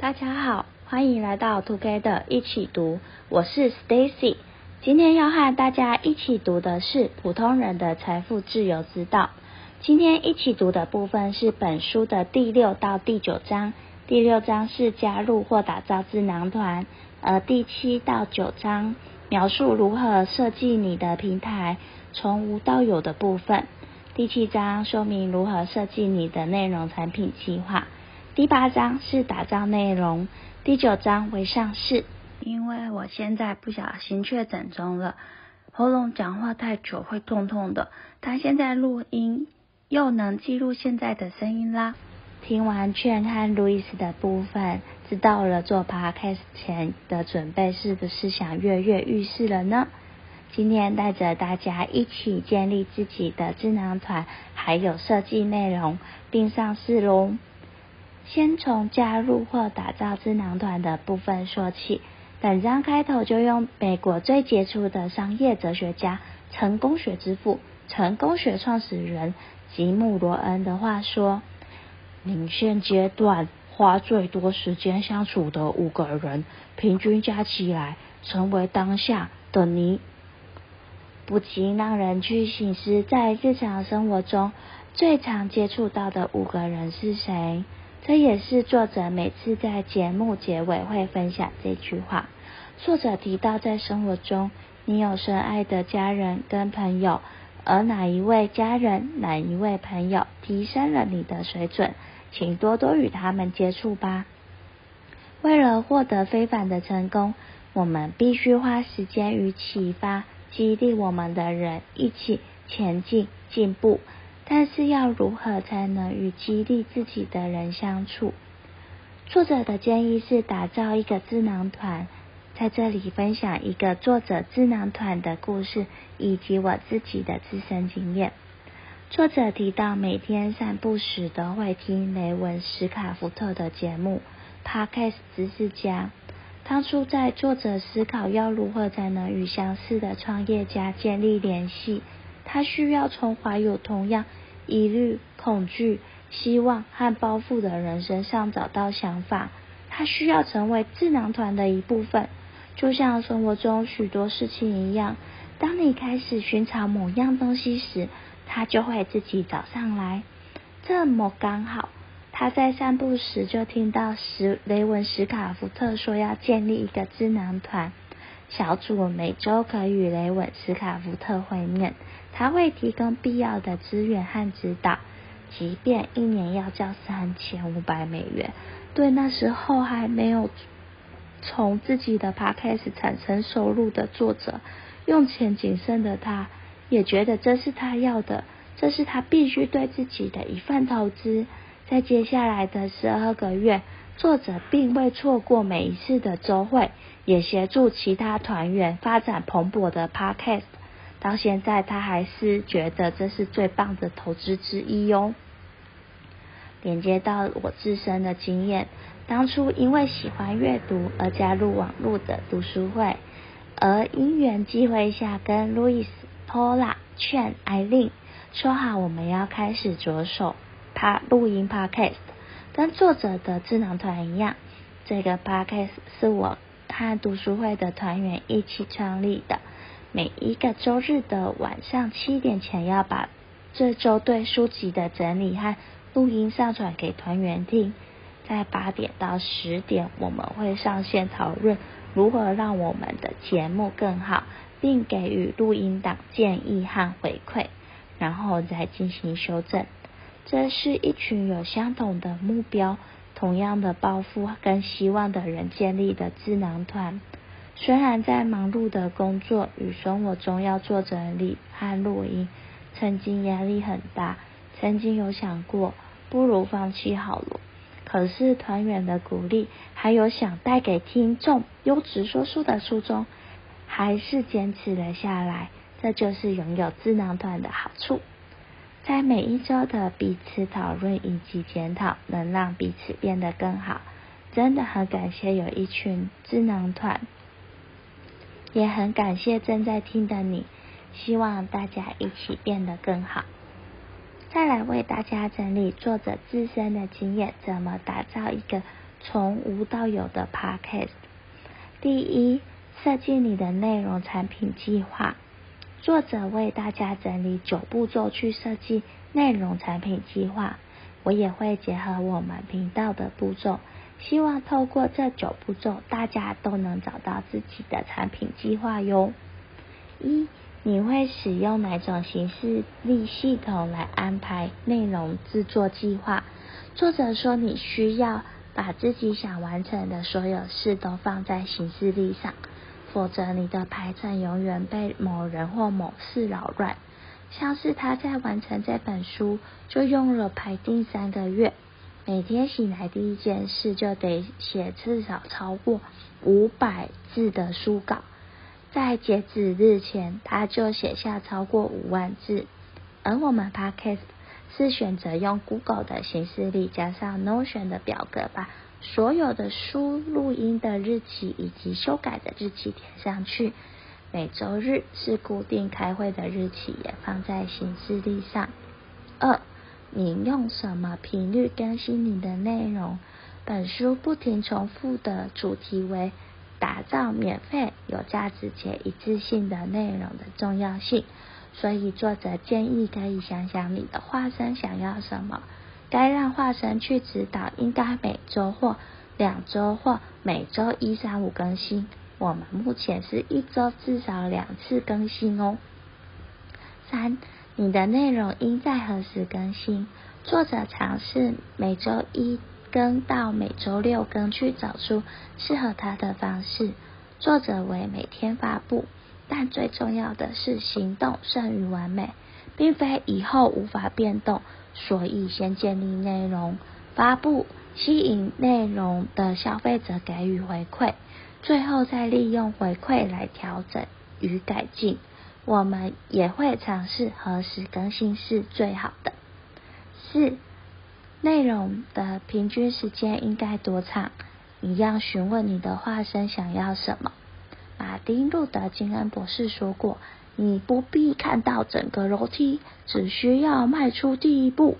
大家好，歡迎來到 Two K 的一起讀，我是 Stacy。今天要和大家一起讀的是《普通人的財富自由之道》。今天一起讀的部分是本書的第六到第九章。第六章是加入或打造智囊團，而第七到九章描述如何設計你的平台從無到有的部分。第七章說明如何設計你的內容產品計劃。第八章是打造內容，第九章為上市。因為我現在不小心確診中了，喉嚨講話太久會痛痛的。他現在錄音，又能記錄現在的聲音啦。聽完 Chen 和路易斯的部分，知道了做 Podcast 前的準備，是不是想躍躍欲試了呢？今天帶着大家一起建立自己的智囊團，還有設計內容，並上市咯。先從加入或打造智囊團的部分說起。本章開頭就用美國最傑出的商業哲學家、成功學之父、成功學創始人吉姆·羅恩的話說：“你現階段花最多時間相處的五個人，平均加起來，成為當下的你。”不禁讓人去省思，在日常生活中最常接觸到的五個人是誰？這也是作者每次在節目結尾會分享這句話。作者提到，在生活中，你有深愛的家人跟朋友，而哪一位家人、哪一位朋友提升了你的水準，請多多與他們接觸吧。為了獲得非凡的成功，我們必須花時間與啟發、激勵我們的人一起前進、進步。但是要如何才能與激勵自己的人相處？作者的建議是打造一個智囊團，在這裡分享一個作者智囊團的故事，以及我自己的自身經驗。作者提到，每天散步時都會聽雷文·史卡福特的節目《Podcast 知識家》。當初在作者思考要如何才能與相似的創業家建立聯繫。他需要從懷有同樣疑慮、恐懼、希望和包袱的人身上找到想法。他需要成為智囊團的一部分，就像生活中許多事情一樣。當你開始尋找某樣東西時，他就會自己找上來。這麼剛好，他在散步時就聽到史雷文·史卡福特說要建立一個智囊團。小組每週可與雷文斯卡福特會面，他會提供必要的資源和指導，即便一年要交三千五百美元。對那時候還沒有從自己的 Podcast 產生收入的作者，用錢謹慎的他，也覺得這是他要的，這是他必須對自己的一份投資。在接下來的十二個月。作者並未錯過每一次的周會，也協助其他團員發展蓬勃的 podcast。到現在，他還是覺得這是最棒的投資之一喲、哦。連接到我自身的經驗，當初因為喜歡閱讀而加入網絡的讀書會，而因緣際會下跟 Lewis、Paula Chen、Aileen 說好我們要開始着手拍錄音 podcast。跟作者的智囊團一樣，這個八 K 是我和讀書會的團員一起創立的。每一個周日的晚上七點前要把這周對書籍的整理和錄音上傳給團員聽，在八點到十點我們會上線討論如何讓我們的節目更好，並給予錄音黨建議和回饋，然後再進行修正。這是一群有相同的目標、同樣的抱負跟希望的人建立的智囊團。雖然在忙碌的工作與生活中要做整理和錄音，曾經壓力很大，曾經有想過不如放棄好了。可是團員的鼓勵，還有想帶給聽眾優質說書的初衷，還是堅持了下來。這就是擁有智囊團的好處。在每一週的彼此討論以及檢討，能讓彼此變得更好。真的很感謝有一群智囊團，也很感謝正在聽的你，希望大家一起變得更好。再來為大家整理作者自身的經驗，怎麼打造一個從無到有的 Podcast？第一，設計你的內容產品計劃。作者為大家整理九步驟去設計內容產品計劃，我也會結合我們頻道的步驟，希望透過這九步驟，大家都能找到自己的產品計劃喲。一，你會使用哪種行事曆系統來安排內容制作計劃？作者說，你需要把自己想完成的所有事都放在行事曆上。否則，你的排程永遠被某人或某事擾亂。像是他在完成這本書，就用了排定三個月，每天醒來第一件事就得寫至少超過五百字的書稿，在截止日前，他就寫下超過五萬字。而我們 Podcast 是選擇用 Google 的行事曆，加上 Notion 的表格，把所有的書錄音的日期以及修改的日期填上去。每周日是固定開會的日期，也放在行事曆上。二，你用什麼頻率更新你的內容？本書不停重複的主題為打造免費、有價值且一致性的內容的重要性。所以作者建議可以想想你的化身想要什麼，該讓化身去指導。應該每周或兩周或每周一三五更新。我們目前是一周至少兩次更新哦。三，你的內容應在何時更新？作者嘗試每周一更到每周六更，去找出適合他的方式。作者為每天發布。但最重要的是行動勝於完美，並非以後無法變動，所以先建立內容發佈，吸引內容的消費者給予回饋，最後再利用回饋來調整與改進。我們也會嘗試何時更新是最好的。四、內容的平均時間應該多長？你要詢問你的化身想要什麼。丁路德金恩博士說過：“你不必看到整個樓梯，只需要邁出第一步。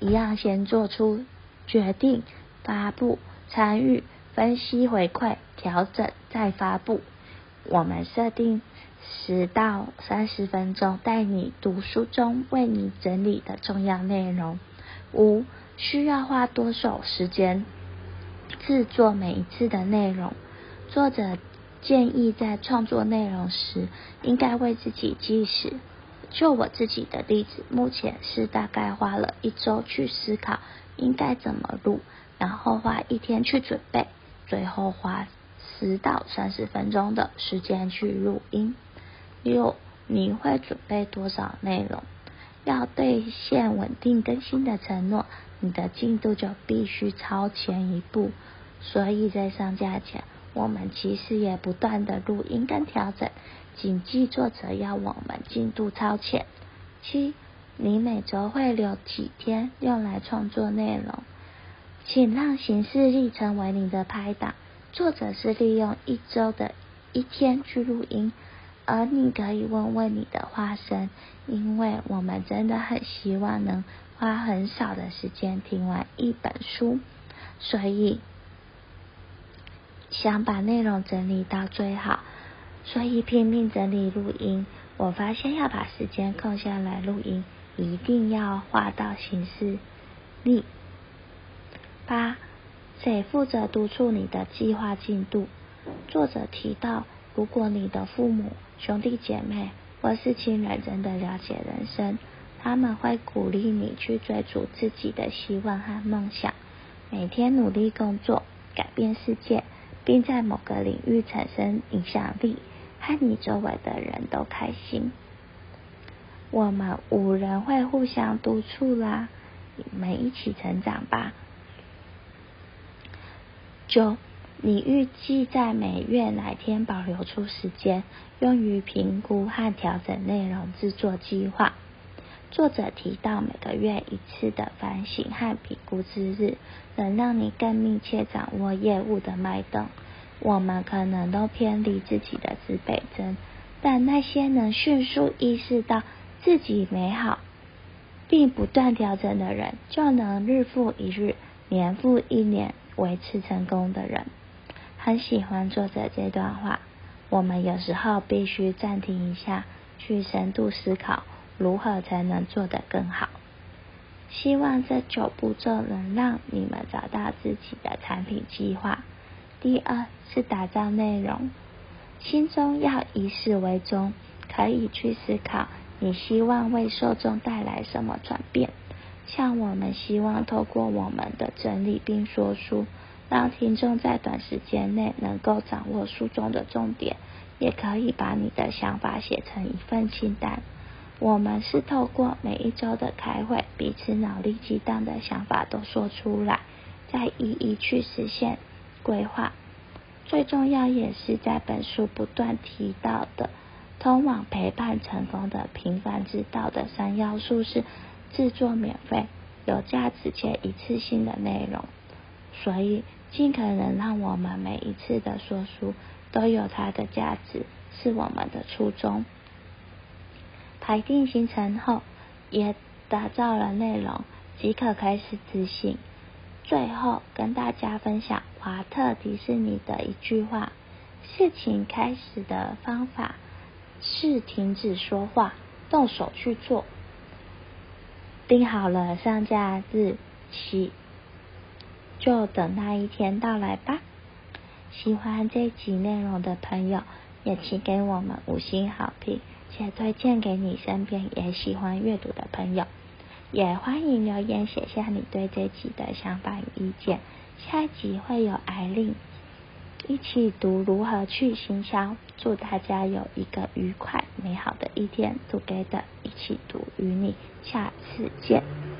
一樣先做出決定，發布、參與、分析、回饋、調整，再發布。”我們設定十到三十分鐘，帶你讀書中為你整理的重要內容。五，需要花多少時間制作每一次的內容？作者。建議在創作內容時，應該為自己計時。就我自己的例子，目前是大概花了一周去思考應該怎麼錄，然後花一天去準備，最後花十到三十分鐘的時間去錄音。六，你會準備多少內容？要兌現穩定更新的承諾，你的進度就必須超前一步，所以在上架前。我們其實也不斷的錄音跟調整，謹記作者要我們進度超前。七，你每周會留幾天用來創作內容？請讓行事曆成為你的拍檔。作者是利用一周的一天去錄音，而你可以問問你的化身，因為我們真的很希望能花很少的時間聽完一本書，所以。想把內容整理到最好，所以拼命整理錄音。我發現要把時間空下來錄音，一定要畫到行事曆。你。八，誰負責督促你的計劃進度？作者提到，如果你的父母、兄弟姐妹或是親人真的了解人生，他們會鼓勵你去追逐自己的希望和夢想，每天努力工作，改變世界。並在某個領域產生影響力，和你周圍的人都開心。我們五人會互相督促啦，你們一起成長吧。九，你預計在每月哪天保留出時間，用於評估和調整內容制作計劃。作者提到，每個月一次的反省和評估之日，能讓你更密切掌握業務的脈動。我們可能都偏離自己的指北針，但那些能迅速意識到自己美好，並不斷調整的人，就能日復一日、年復一年維持成功的人。很喜歡作者這段話。我們有時候必須暫停一下，去深度思考。如何才能做得更好？希望這九步驟能讓你們找到自己的產品計劃。第二是打造內容，心中要以始為終，可以去思考你希望為受眾帶來什麼轉變。像我們希望透過我們的整理並說書，讓聽眾在短時間內能夠掌握書中的重點，也可以把你的想法寫成一份清單。我們是透過每一周的開會，彼此腦力激盪的想法都說出來，再一一去實現規劃。最重要也是在本書不斷提到的，通往陪伴成功的平凡之道的三要素是：製作免費、有價值且一次性的內容。所以，盡可能讓我們每一次的說書都有它的價值，是我們的初衷。排定行程後，也打造了內容，即可開始執行。最後跟大家分享華特迪士尼的一句話：事情開始的方法是停止說話，動手去做。定好了上架日期，就等那一天到來吧。喜歡這集內容的朋友，也請給我們五星好評。也推薦給你身邊也喜歡閱讀的朋友，也歡迎留言寫下你對這集的想法與意見。下一集會有 Aileen 一起讀，如何去行銷？祝大家有一個愉快美好的一天！Together，一起讀與你，下次見。